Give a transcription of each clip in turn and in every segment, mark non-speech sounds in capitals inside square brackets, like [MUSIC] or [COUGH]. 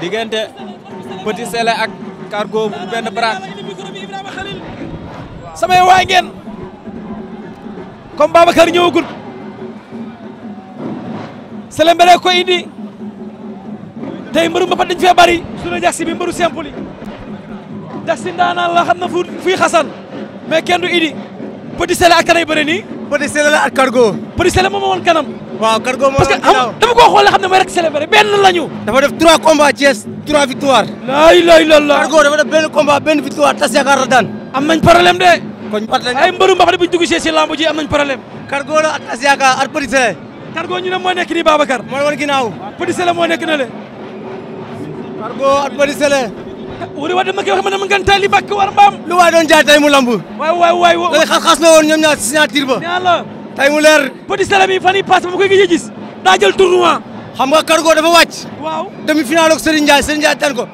diggante Petit Sélé ak Cargo bu benn baraak samay waay ngeen comme Babacar ñëwagul Sélé mbere ko indi tey mbëru mbapat dañ fee bari suñu jaxsi bi mbëru simple yi la xam na fu xasan mais kenn du idi Petit Sélé ak kanay bëre nii Petit Sélé la ak Cargo. Petit Sélé moom moo kanam. waaw Cargo moo woon kanam parce que dafa koo xam ne mooy rek célébré benn lañu. dafa def 3 combats Thiès 3 victoire. laay laay la la. Cargo dafa def benn combat benn victoire tas yaakaar la daan. am de. kon ay mbëru mbax ne bu ñu dugg si si lamb ji am nañ tas yaakaar ak Petit Sélé. Cargo ñu ne moo nekk nii Babacar. moo woon ginnaaw. Petit Sélé wuri wa dama koy wax ma ne ma ngan taali bàkk war doon jaay tay mu lamb la tay mu leer petit salam yi fan yi passe ba ma koy gëj a gis daa jël tournoi xam nga Cargo dafa wàcc waaw demi final ak Serigne Ndiaye Serigne Ndiaye daan ko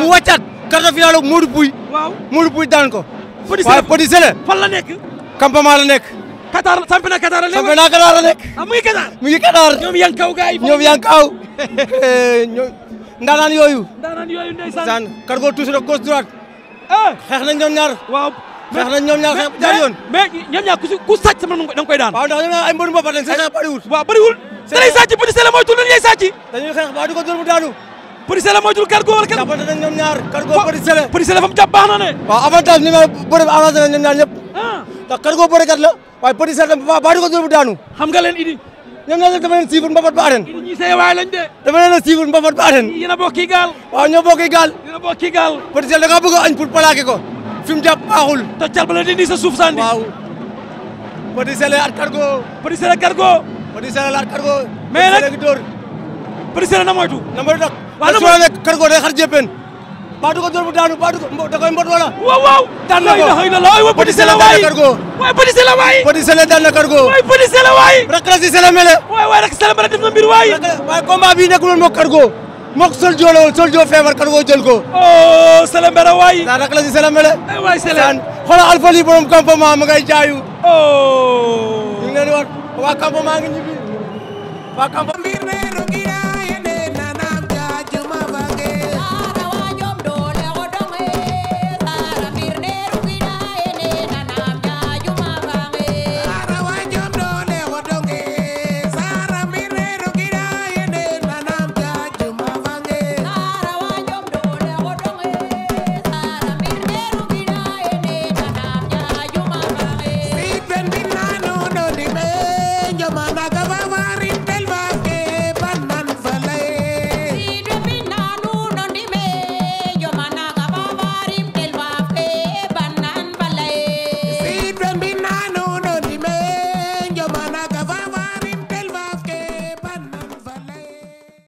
mu wàccaat quart de final ak Modou Pouye waaw daan ko waaye petit salam fan la nekk campement la nekk Qatar championnat Qatar la nekk ah, mu ngi Qatar mu ngi Qatar ñoom yankaw gaay ñoom yankaw [LAUGHS] ndaanaan yooyu. ndaanaan yooyu ndeysaan. Cargo toujours gauche droite. Eh! xeex da nga koy daan. waaw ndax ñoom ñaar ay mbëru boppam lañ seen xeex bëriwul. waaw ñoom ñoo dafa leen siifur mbapat ba aden ñi say waay lañ de dafa leen a siifur mbapat ba aden yéen a bokki gaal waaw ñoo bokki gaal a gaal Petit Sélé da ngaa añ pour plaqué ko fi mu baaxul toccal ba la dindi suuf sandi waaw Petit Sélé at cargo Petit Sélé cargo Petit Sélé at na moytu na moytu nag waaw na moytu day xar jéppeen Paatu ko dóor bu daanu Paatu ko da koy mbot wala. waaw waaw. daan na ko xëy na looy wa Petit Sélé waay waay Petit Sélé waay. Petit Sélé daan na Cargo. waay Petit Sélé waay. rek la si Sélé mele. waay waay rek Sélé mele def na mbir waay. waay combat bii nekkul woon moog Cargo. moog sol joo la woon sol joo feebar Cargo jël ko. oh Sélé mele waay. daan rek la si Sélé mele. waay Sélé daan xoolal Alpha lii borom campement ma ngay jaayu. oh. ñu ngi leen di wax waa campement ngi ñibbi waa campement.